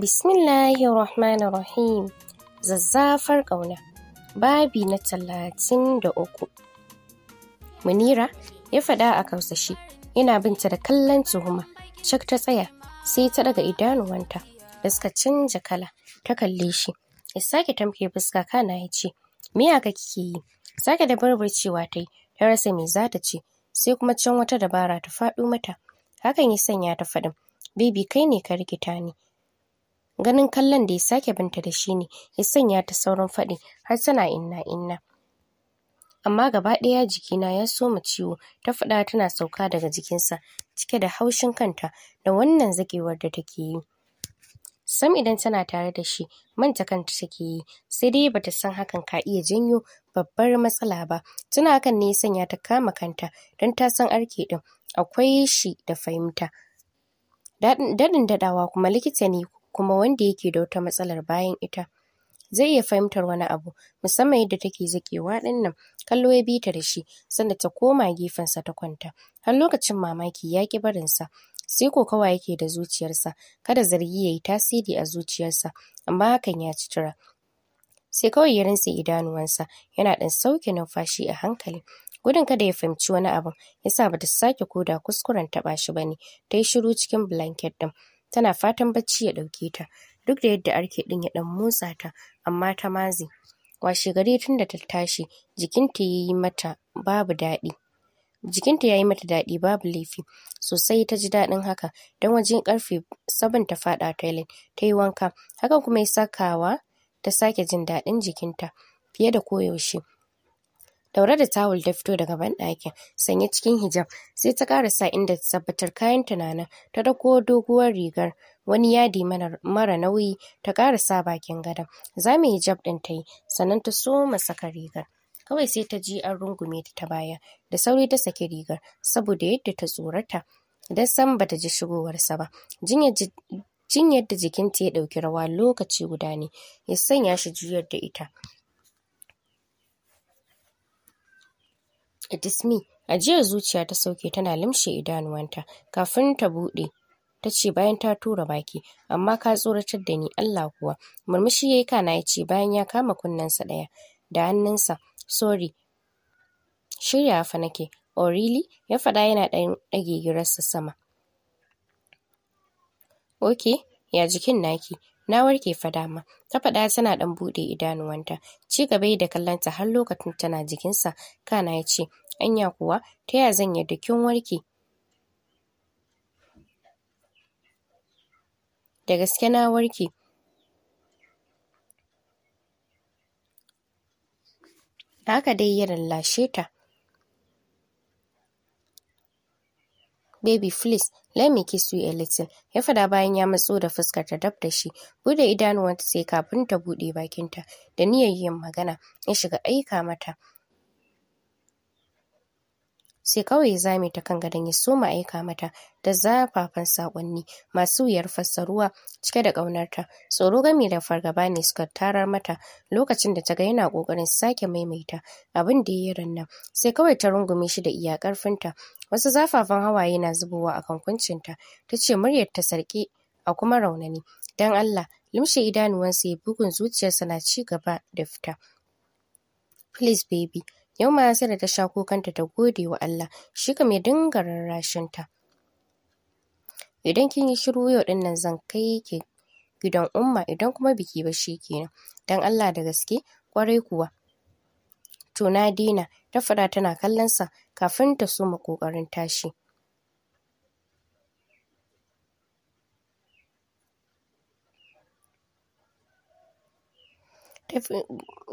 Bismillahirrahmanirrahim Zazzafar ƙauna. Babi na talatin da uku. Munira ya faɗa a kausashi, yana binta da kallon tuhuma. Cak ta tsaya, sai ta daga idanuwanta da suka canja kala, ta kalle shi. Ya sake tamke fuska kana ya ce, "Me ka kike yi?" Sake da barbar cewa ta yi, ta rasa me za ta ce, sai kuma can wata dabara ta faɗo mata. Hakan ya sanya ta faɗin, "Baby kai ne ka rikita ni." ganin kallon da ya sake binta da shi ne ya sanya ta sauran faɗi har tana inna inna amma gaba ɗaya jikina ya soma ciwo ta faɗa tana sauka daga jikinsa cike da haushin kanta da wannan zagewar da take yi sam idan tana tare da shi manta kanta take yi sai dai bata san hakan ka iya janyo babbar matsala ba tana hakan ne ya sanya ta kama kanta don ta san arke din akwai shi da fahimta daɗin daɗawa kuma likita ne kuma wanda yake da wata matsalar bayan ita zai iya fahimtar wani abu musamman yadda take zaƙewa din nan kallo ya bi ta da shi sanda ta koma gefensa ta kwanta har lokacin mamaki ya ƙi barinsa sai kokawa yake da zuciyarsa kada zargi ya yi tasiri a zuciyarsa amma hakan ya ci tura sai kawai ya rintse idanuwansa yana ɗan sauke numfashi a hankali gudun kada ya fahimci wani abu yasa bata sake koda kuskuren taɓa shi bane ta yi shiru cikin blanket ɗin tana fatan bacci ya ɗauke ta duk da yadda arke ɗin ya ɗan motsa ta amma ta mazi washe gari tun da ta tashi jikinta ya yi mata babu daɗi jikinta ya mata daɗi babu laifi sosai ta ji daɗin haka don wajen karfe saban ta faɗa toilet ta yi wanka hakan kuma ya sakawa ta sake jin daɗin jikinta fiye da koyaushe daure da tawul da fito daga banɗakin sanye cikin hijab sai ta karasa inda ta tabbatar kayan tunanin ta dauko doguwar rigar wani yadi mara nauyi ta karasa bakin gadon mu hijab ɗin ta yi sannan ta soma saka rigar kawai sai ta ji an rungume ta baya da sauri ta saki rigar saboda yadda ta tsorata don san bata ji shigowarsa ba jinyar da jikinta ya ɗauki rawa lokaci guda ne ya sanya shi juyar da ita It is me. Ajiyar zuciya ta sauke tana limshe idanuwanta kafin ta buɗe. Ta ce bayan ta tura baki, amma ka tsoratar da ni Allah kuwa. Murmushi ya yi kana ya ce bayan ya kama kunnensa ɗaya da hannunsa. Sorry, shirya fa nake. Orili ya faɗa yana ɗan ɗage girarsa sama. oke ya jikin naki? na warke fa dama ta faɗa tana ɗan buɗe idanuwanta ci gaba da kallonta har lokacin tana jikinsa kana ya ce anya kuwa ta ya zan yadda kin warke da gaske na warke haka dai ya lallashe ta Baby, please, let me kiss you a little. Ya fada bayan ya matso da fuskar ta dab da shi. Bude idanuwanta sai kafin ta bude bakinta. Da niyyar yin magana, ya shiga aika mata. Sai kawai ya zame ta kan gadon ya soma aika mata da zafafan sakonni masu wuyar fassaruwa cike da ƙaunarta. Tsoro gami da fargaba ne suka tarar mata lokacin da ta ga yana ƙoƙarin sake maimaita abin da ya yi rannan. Sai kawai ta rungume shi da iya ƙarfinta Wasu zafafan hawaye na zubowa a kan ta ce muryar ta sarƙe a kuma raunani. Don Allah, limshe idanuwansa ya bugun zuciyarsa na ci gaba da fita. Please baby, yau ma sai da ta sha kukanta ta gode wa Allah, shi ka ya dinga rarrashinta. Idan kin yi shiru yau din nan zan kai ki gidan umma idan kuma biki ba shi kenan. Don Allah da gaske, kwarai kuwa To na dina, ta faɗa tana kallon sa kafin ta soma ƙoƙarin tashi.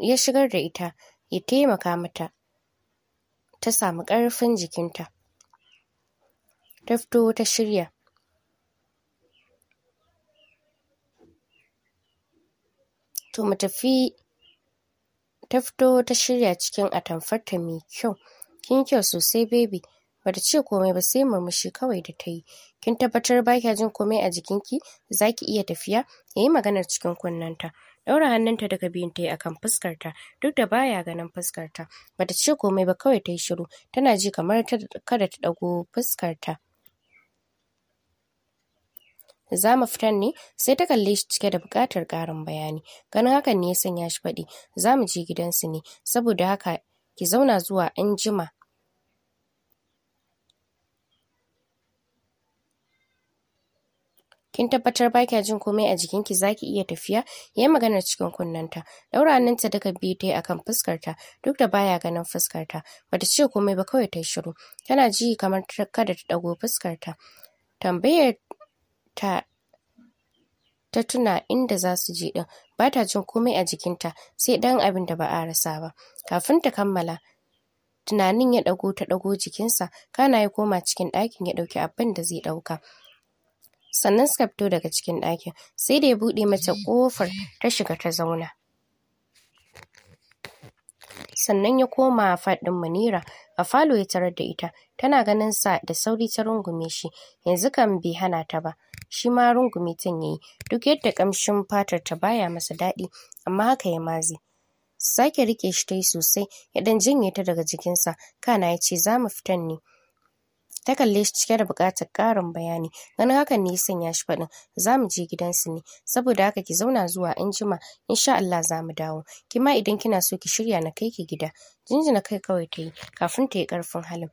ya shigar da ita ya taimaka mata ta samu ƙarfin jikinta ta fito ta shirya to mu tafi Ta fito ta shirya cikin atamfarta mai kyau. Kin kyau sosai baby. Bata ce komai ba sai murmushi kawai da ta yi. Kin tabbatar ba kya jin komai a jikinki? Za ki iya tafiya? Ya yi maganar cikin kunnenta. Ɗaura hannunta daga biyun ta yi akan fuskarta duk da baya ganin fuskarta. Bata ce komai ba kawai ta yi shiru. Tana ji kamar kada ta ɗago fuskarta. da zama fitan ne sai ta kalle shi cike da bukatar karin bayani ganin hakan ne ya sanya shi faɗi za mu je gidansu ne saboda haka ki zauna zuwa an jima kin tabbatar ba kya jin komai a jikinki zaki iya tafiya yayi maganar cikin kunnanta daura hannunta daga biyu tayi akan fuskarta duk da baya ganin fuskarta bata ce komai ba kawai tayi shiru tana ji kamar kada ta dago fuskarta tambayar ta ta tuna inda za su je din ba ta jin komai a jikinta sai ɗan abin da ba a rasa ba kafin ta kammala tunanin ya dago ta dago jikinsa kana ya koma cikin ɗakin ya ɗauki abin da zai ɗauka sannan suka fito daga cikin ɗakin sai da ya buɗe mata ƙofar ta shiga ta zauna sannan ya koma faɗin manira a falo ya tarar da ita tana ganin sa da sauri ta rungume shi yanzu kan bai hana ta ba shi ma rungume ya yi. duk yadda kamshin fatar ta baya masa daɗi amma haka ya mazi sake rike shi ta yi sosai ya dan jinye ta daga jikinsa kana ya ce za mu fitan ne ta kalle shi cike da bukatar ƙarin bayani ganin hakan ne ya sanya shi faɗin za mu je gidansu ne saboda haka ki zauna zuwa in jima insha Allah za mu dawo ki ma idan kina so ki shirya na kai ki gida jinjina kai kawai ta yi kafin ta yi ƙarfin halin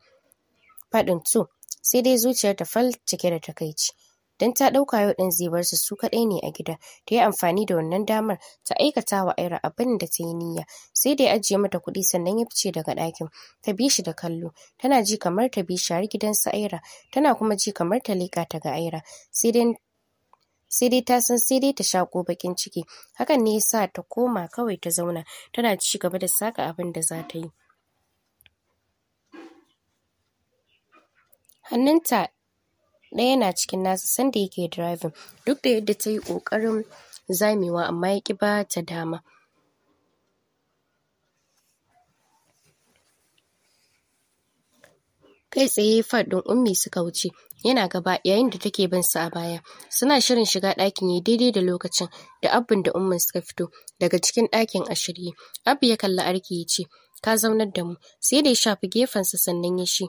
faɗin to sai dai zuciyar ta fal cike da takaici don ta ɗauka yau ɗin zai bar su su kaɗai ne a gida ta yi amfani da wannan damar ta aikata wa Aira abin da ta yi niyya sai da ya ajiye mata kuɗi sannan ya fice daga ɗakin ta bi shi da kallo tana ji kamar ta bi shi har gidansa Aira tana kuma ji kamar ta leƙa ta ga Aira sai dai sai dai ta san sai dai ta shaƙo baƙin ciki hakan ne ya sa ta koma kawai ta zauna tana ci gaba da saka abin da za ta yi hannunta ɗaya na cikin nasa sanda yake driving duk da yadda ta yi ƙoƙarin zamewa amma ya ƙi ba ta dama kai tsaye faɗin ummi suka wuce yana gaba yayin da take bin su a baya suna shirin shiga ɗakin yi daidai da lokacin da abin da ummin suka fito daga cikin ɗakin a shirye abu ya kalli arki ya ce ka zaunar da mu sai da ya shafi gefensa sannan ya shi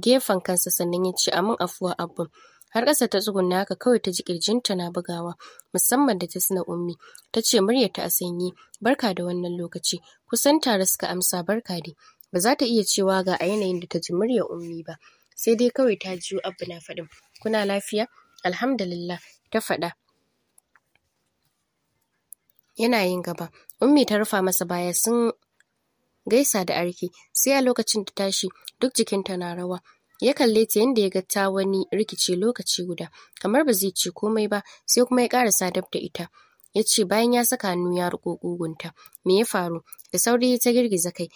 gefen kansa sannan ya ce amin afuwa abun har ƙasa ta tsugunna haka kawai ta ji ƙirjinta na bugawa musamman da ta suna ummi ta ce muryarta a sanyi barka da wannan lokaci kusan tare suka amsa barka da. ba za ta iya cewa ga a yanayin da ta ji murya ummi ba sai dai kawai ta jiyo abu na faɗin kuna lafiya alhamdulillah ta faɗa yana yin gaba ummi ta rufa masa baya sun gaisa da arki sai a lokacin ta tashi duk jikinta na rawa ya kalle ta yadda ya ga ta wani rikici lokaci guda kamar ba zai ce komai ba sai kuma ya karasa dab da ita ya ce bayan ya saka hannu ya riko ta me ya faru da sauri ta girgiza kai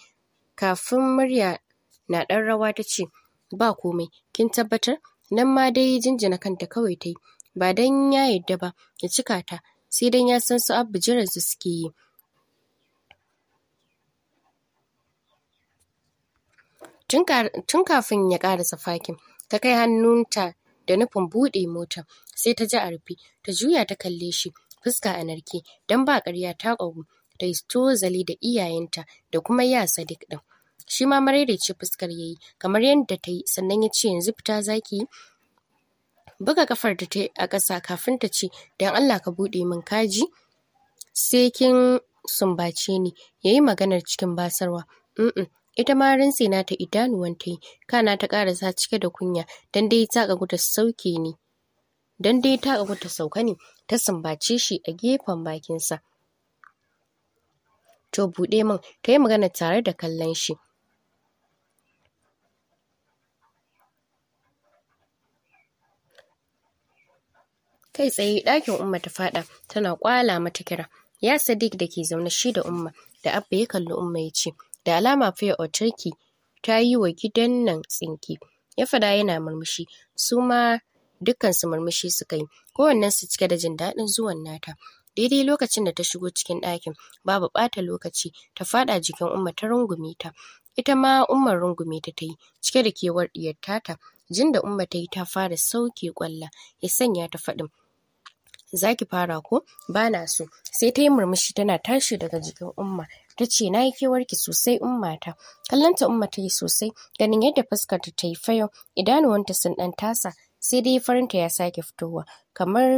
kafin murya na ɗan rawa ta ce ba komai kin tabbatar nan ma dai jinjina kanta kawai ta yi ba dan ya yadda ba ya cika ta sai dan ya san su abu jiran su suke yi tun kafin ya ƙara fakin ta kai hannunta da nufin buɗe mota. sai ta ji a rufe ta juya ta kalle shi fuska a narke don ba ƙarya ta ƙagu ta yi tozali da iyayenta da kuma ya sadik ɗin shi ma maraidaici fuskar ya yi kamar yadda ta yi sannan ya ce yanzu fita zaki yi buga kafar ta ta a ƙasa kafin ta ce don Allah ka buɗe min kaji sai kin sumbace ni yi maganar cikin basarwa ita ma rintse na ta idanuwan ta kana ta karasa cike da kunya dan dai ta ga guta sauke ne dan dai ta ga guta sauka ne ta sumbace shi a gefen bakinsa to buɗe min ta yi magana tare da kallon shi kai tsaye ɗakin umma ta faɗa tana kwala mata kira ya sadiq da ke zaune shi da umma da abba ya kalli umma ya ce Da alama fiye a Orchard ta yi wa gidan nan tsinke,” ya faɗa yana murmushi, su ma dukkansu murmushi suka yi, su cike da jin daɗin zuwan nata. Daidai lokacin da ta shigo cikin ɗakin, babu ɓata lokaci, ta faɗa jikin Umma ta rungume ta. Ita ma Ummar rungume ta ta yi, cike da kewar ɗiyar tata. Jin da Umma ta yi ta fara sauke ƙwalla, ya sanya ta faɗin. Za ki fara ko? bana na so. Sai ta yi murmushi tana tashi daga jikin Umma ta ce na yi kewarki sosai ummata kallonta umma ta yi sosai ganin yadda fuskarta ta yi fayo idanuwanta sun ɗan tasa sai dai farinta ya sake fitowa kamar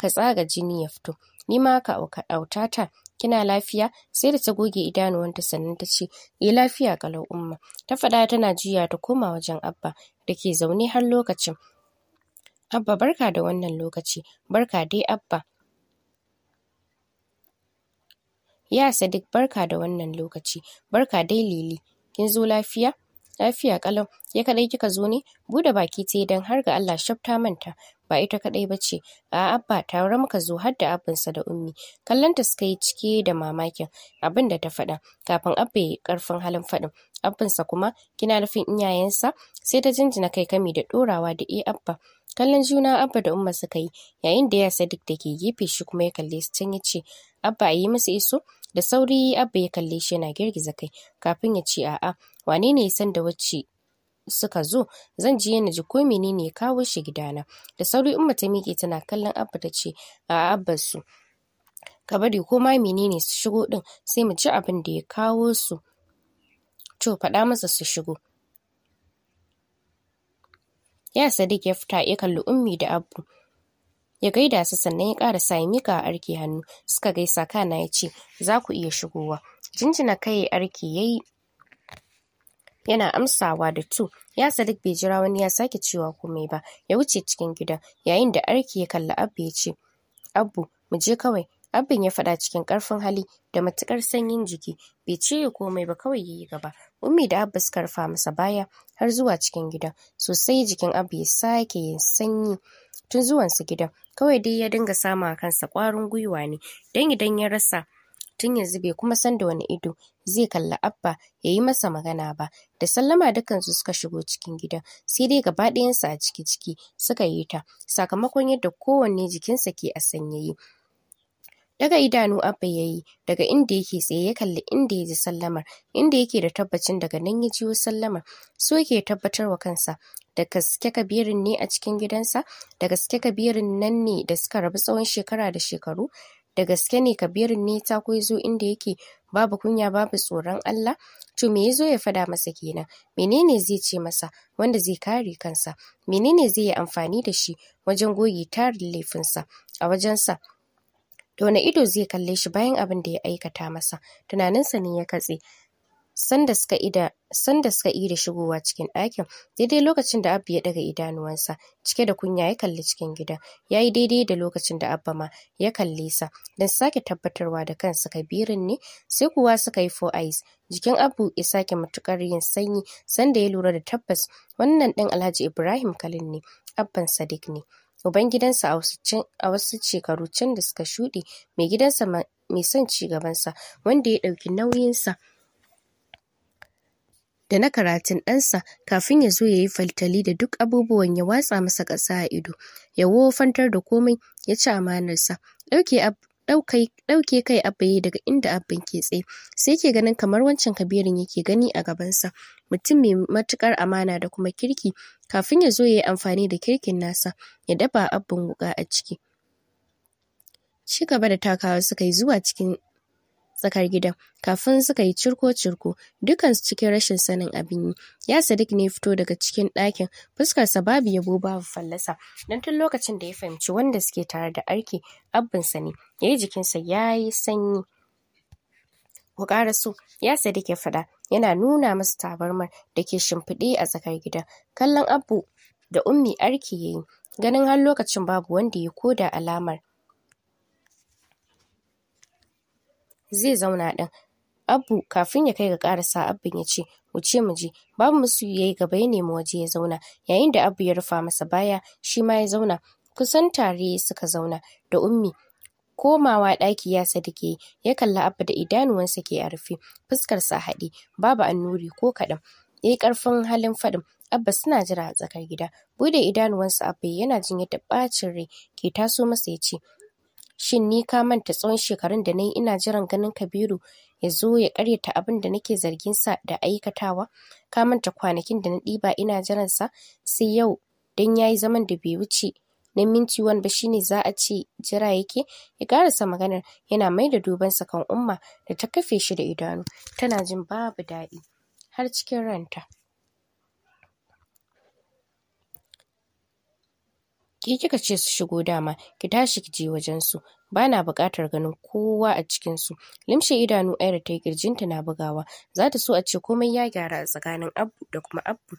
ka tsaga jini ya fito ni ma ka auka ta kina lafiya sai da ta goge idanuwanta sannan ta ce yi lafiya kalau umma ta faɗa tana juya ta koma wajen abba da ke zaune har lokacin abba barka da wannan lokaci barka dai abba Ya Sadiq barka da wannan lokaci. Barka dai Lili. Kin zo lafiya? Lafiya kalau. Ya kaɗai kika zo ne? Bude baki ta dan har ga Allah shafta manta. Ba ita kadai ba ce. A abba ta tare muka zo har da abinsa da ummi. Kallonta suka yi cike da mamakin abin da ta faɗa kafin abba ya karfin halin faɗin. Abinsa kuma kina nufin iyayensa sai ta jinjina kai kami da ɗorawa da e abba. kallon juna abba da umma suka yi yayin da ya sadiq da ke gefe shi kuma ya kalle su can ya ce abba a yi musu iso Da sauri Abba ya kalle shi yana girgiza kai kafin ya ce a'a wane ne ya san da wacce suka zo zan je yana ji ko menene ya kawo shi gidana. Da sauri Umma ta miƙe tana kallon Abba ta ce a'a Abba su ka bari ko ma menene su shigo din sai mu ci abin da ya kawo su. To faɗa masa su shigo. Ya Sadiq ya fita ya kalli Ummi da abu. ya gaida su sannan ya kara sa mika a arki hannu suka gaisa kana ya ce za ku iya shigowa jinjina kai arki ya yi yana amsawa da tu ya sadik bai jira wani ya sake cewa komai ba ya wuce cikin gida yayin da arki ya kalli abu ya ce abu mu je kawai abin ya faɗa cikin karfin hali da matukar sanyin jiki bai ce ya komai ba kawai ya yi gaba ummi da abba suka rufa masa baya har zuwa cikin gida sosai jikin abu ya sake yin sanyi tun zuwansu gida kawai dai ya dinga a kansa ƙwarin gwiwa ne don idan ya rasa tun yanzu bai kuma san da wani ido zai kalla abba ya yi masa magana ba da sallama dukansu suka shigo cikin gidan sai dai gaba ɗayansa a ciki ciki suka yi ta sakamakon yadda kowanne jikinsa ke a sanyaye Daga idanu Abba ya yi daga inda yake tsaye ya kalli inda ya ji sallamar, inda yake da tabbacin daga nan ya jiwo sallamar. So yake wa kansa da gaske kabirin ne a cikin gidansa, da gaske kabirin nan ne da suka rabu tsawon shekara da shekaru, da gaske ne kabirin ne ta zo inda yake babu kunya babu tsoron Allah. To me ya zo ya fada masa kenan? Menene zai ce masa wanda zai kare kansa? Menene zai yi amfani da shi wajen goge tarin laifinsa a wajensa? da wani ido zai kalle shi bayan abin da ya aikata masa tunaninsa ne ya katse sanda suka ida sanda shigowa cikin ɗakin daidai lokacin da abu ya daga idanuwansa cike da kunya ya kalli cikin gida ya yi daidai da lokacin da abba ma ya kalle sa don sake tabbatarwa da kansa kabirin ne sai kuwa suka yi four eyes jikin abu ya sake matukar yin sanyi sanda ya lura da tabbas wannan ɗan alhaji ibrahim kalin ne abban sadiq ne ubangidansa a wasu shekaru can da suka shuɗe mai gidansa mai son ci gabansa wanda ya ɗauki nauyinsa da na karatun ɗansa kafin ya zo ya yi faltali da duk abubuwan ya watsa masa ƙasa a ido ya wofantar da komai ya ci amanarsa ɗauke ɗauke kai abba daga inda abban ke tsaye sai ke ganin kamar wancan kabirin yake gani a gabansa mutum mai matukar amana da kuma kirki kafin ya zo ya yi amfani da kirkin nasa ya dafa abban wuka a ciki ci gaba da takawa suka yi zuwa cikin tsakar gidan kafin suka yi cirko-cirko dukansu cikin rashin sanin abin yi ya sadiq ne fito daga cikin ɗakin fuskarsa babu yabo babu fallasa don tun lokacin da ya fahimci wanda suke tare da arki abinsa ne yayi yi jikinsa ya yi sanyi ku ƙara so ya sadiq ya faɗa yana nuna masa tabarmar da ke shimfiɗe a tsakar gidan kallon abu da ummi arki ya yi ganin har lokacin babu wanda ya koda alamar zai zauna ɗin Abu kafin ya kai ga karasa abin ya ce, "Wuce mu je." Babu musu yi gaba ya nemi waje ya zauna, yayin da abu ya rufa masa baya, shi ma ya zauna. Kusan tare suka zauna da Ummi. Komawa ɗaki ya sadike ya kalla Abba da idanuwansa ke a rufe, fuskarsa a haɗe, babu annuri ko kaɗan. Yayi ƙarfin halin faɗin, Abba suna jira a tsakar gida. Bude idanuwansa Abba yana jin yadda ɓacin rai ke taso masa ya ce, shin ni ka manta tsawon shekarun da na yi ina jiran ganin kabiru ya zo ya karyata abin da nake zargin sa da aikatawa ka manta kwanakin da na ɗiba ina jiran sa sai yau dan yayi zaman da bai wuce na minti wani ba shine za a ce jira yake ya karasa maganar yana mai da duban sa kan umma da ta kafe shi da idanu tana jin babu daɗi har cikin ranta Ki kika ce su shigo dama, ki tashi ki je wajen su. Ba na buƙatar ganin kowa a cikin su. Limshe idanu Aira ta kirjinta na bugawa. Za ta so a ce komai ya gyara a tsakanin Abu da kuma Abu.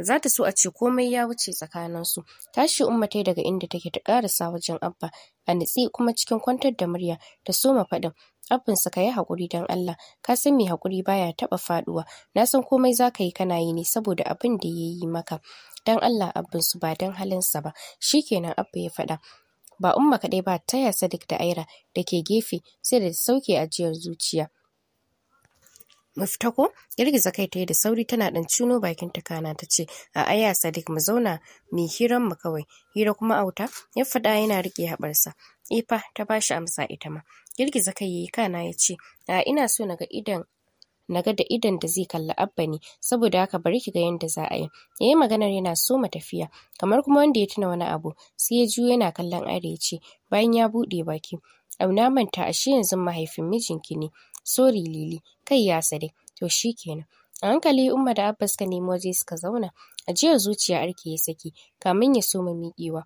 za ta so a ce komai ya wuce tsakaninsu tashi umma tai daga inda take ta karasa wajen abba a nitsi kuma cikin kwantar da murya ta soma faɗin abbansa ka yi haƙuri don Allah ka san mai haƙuri baya taɓa faɗuwa na san komai za ka yi kana yi ne saboda abin da ya yi maka don Allah abinsu ba don halinsa ba shi kenan abba ya faɗa ba umma kaɗai ba taya sadik da aira da ke gefe sai da sauke ajiyar zuciya Muftako, ko girgiza kai ta yi da sauri tana dan cuno bakin ta kana ta ce a aya Sadiq mu zauna mai hiran mu kawai hira kuma auta ya faɗa yana rike habarsa ifa ta bashi amsa ita ma girgiza kai yayi kana ya ce a ina so naga idan naga da idan da zai kalli abba ne saboda haka bari ki ga yadda za a yi yayi maganar yana so ma tafiya kamar kuma wanda ya tuna wani abu sai ya juyo yana kallon are ya ce bayan ya bude baki auna manta ashe yanzu mahaifin mijinki ne sori lili kai ya sare to shikenan a hankali umma da abba suka nemi waje suka zauna ajiyar zuciya arki ya saki kamin ya so soma miƙewa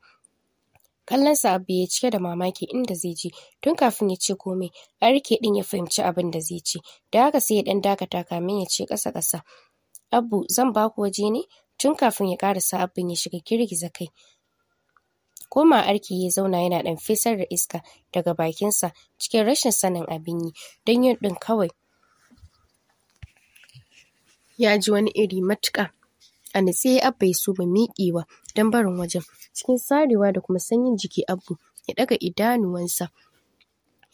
kallon sa abu ya cike da mamaki inda zai je, tun kafin ya ce komai, rike din ya fahimci abin da zai ce, da haka sai ya dan dakata kamin ya ce kasa-kasa. Abu, zan baku waje ne? Tun kafin ya karasa abin ya shiga girgiza kai. Koma arki ya zauna yana ɗan fesar da iska daga bakinsa cikin rashin sanin abin yi, don yin din kawai. Ya ji wani iri matuka, A ya abba ya so ba miƙewa don barin wajen cikin sarewa da kuma sanyin jiki abu ya daga idanuwansa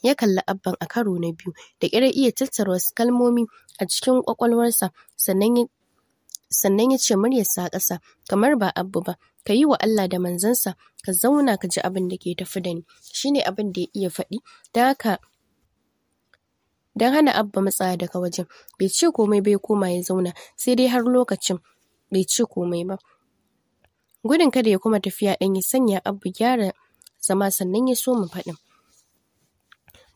ya kalli abban a karo na biyu da kira iya tattara wasu kalmomi a cikin kwakwalwarsa sannan ya sannan ya ce muryarsa sa ƙasa kamar ba abu ba ka yi wa Allah da manzansa ka zauna ka ji abin da ke tafi da ni shine abin da ya iya faɗi don haka don hana abba matsa daga wajen bai ce komai bai koma ya zauna sai dai har lokacin bai ce komai ba Gudun kada ya kuma tafiya ɗan ya sanya abu gyara zama sannan ya so mu faɗin.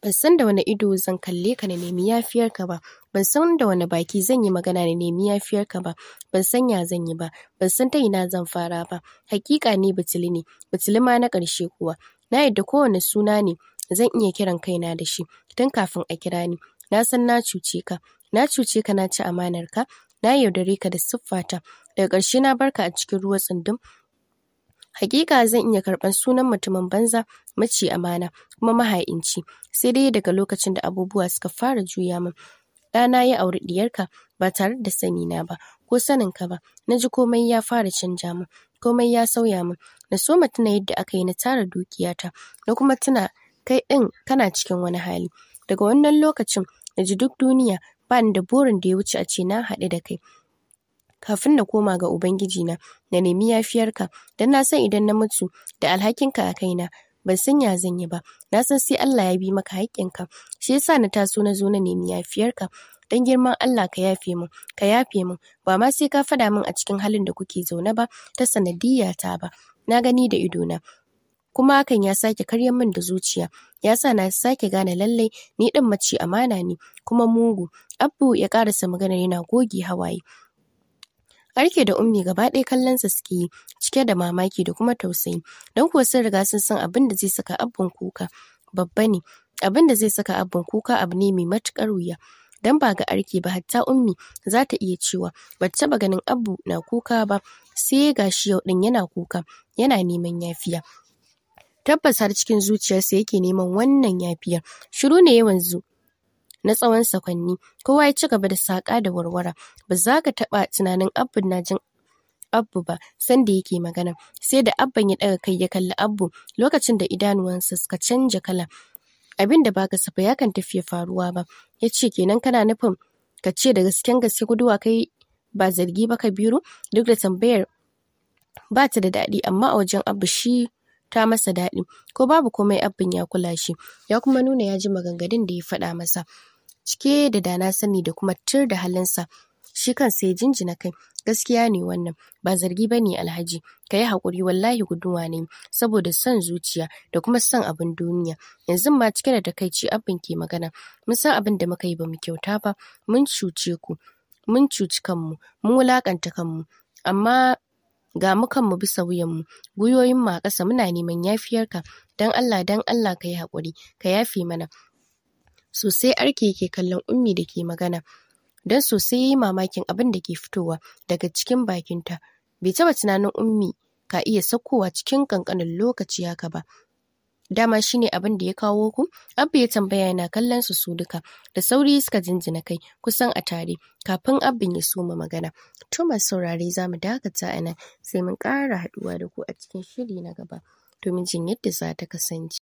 Ban san da wani ido zan kalle ka na nemi ka ba, ban san da wani baki zan yi magana na nemi ka ba, ban san ya zan yi ba, ban san ta ina zan fara ba. Hakika ne butuli ne, butuli ma na ƙarshe kuwa. Na yadda kowane suna ne zan iya kiran kaina da shi tun kafin a kira ni. Na san na cuce ka, na cuce ka na ci amanar ka, na yaudare ka da siffata daga ƙarshe na barka a cikin ruwa tsundum hakika zan iya karɓar sunan mutumin banza mace amana kuma maha'inci sai dai daga lokacin da abubuwa suka fara juya min ɗana ya auri ɗiyarka ba tare da sani na ba ko sanin ka ba na ji komai ya fara canja min komai ya sauya min na so mu tuna yadda aka yi na tara dukiyata na kuma tuna kai ɗin kana cikin wani hali daga wannan lokacin na ji duk duniya ba da burin da ya wuce a ce na haɗu da kai kafin na koma ga Ubangiji na na nemi yafiyarka don na san idan na mutu da alhakinka a kaina ban san ya zan yi ba na san sai Allah ya bi maka haƙƙinka shi yasa na taso na zo na nemi yafiyarka don girman Allah ka yafe min ka yafe min ba ma sai ka faɗa min a cikin halin da kuke zaune ba ta sanadiyya ba na gani da idona kuma hakan ya sake karyar min da zuciya ya sa na sake gane lallai ni din mace amana ne kuma mugu abu ya karasa maganar yana goge hawaye Arke da Ummi gaba ɗaya kallon sa suke cike da mamaki da kuma tausayi. Don kuwa sun riga sun san abin da zai saka abun kuka babba ne. Abin da zai saka abun kuka abu ne mai matukar wuya. Dan ba ga arke ba hatta Ummi za ta iya cewa ba ta taba ganin Abu na kuka ba sai gashi yau din yana kuka yana neman yafiya. tabbas har cikin zuciyarsa yake neman wannan yafiyar shiru ne yawan zu na tsawon sakwanni kowa ya ci gaba da saƙa da warwara ba za ka taɓa tunanin abu na jin abu ba sanda yake magana sai da abban ya ɗaga kai ya kalli abu lokacin da idanuwansa suka canja kala abin da ba kasafa ya kan tafiya faruwa ba ya ce kenan kana nufin ka ce da gasken gaske guduwa kai ba zargi ba ka kabiru duk da tambayar ba ta da daɗi amma a wajen abu shi ta masa daɗi ko babu komai abin ya kula shi ya kuma nuna ya ji maganganun da ya faɗa masa cike da dana sani da kuma tir da halinsa shi kan ya jinjina kai gaskiya ne wannan ba zargi ba ne alhaji ka yi haƙuri wallahi guduwa ne saboda son zuciya da kuma son abin duniya yanzu ma cike da takaici abin ke magana mun san abin da muka yi ba mu kyauta ba mun cuce ku mun cuci kanmu mun wulakanta kanmu amma ga mu bisa wuyanmu mu mu a ƙasa muna neman yafiyarka dan Allah dan Allah ka yi haƙuri ka yafi mana sosai arke yake kallon ummi da ke magana don sosai ya yi mamakin abin da ke fitowa daga cikin bakinta bai taɓa tunanin ummi ka iya saukowa cikin ƙanƙanin lokaci haka ba dama shine abin da ya kawo ku abba ya tambaya yana kallon su su duka da sauri suka jinjina kai kusan a tare kafin abin ya soma magana to masu saurare za mu dakata a nan sai mun kara haduwa da ku a cikin shiri na gaba domin jin yadda za ta kasance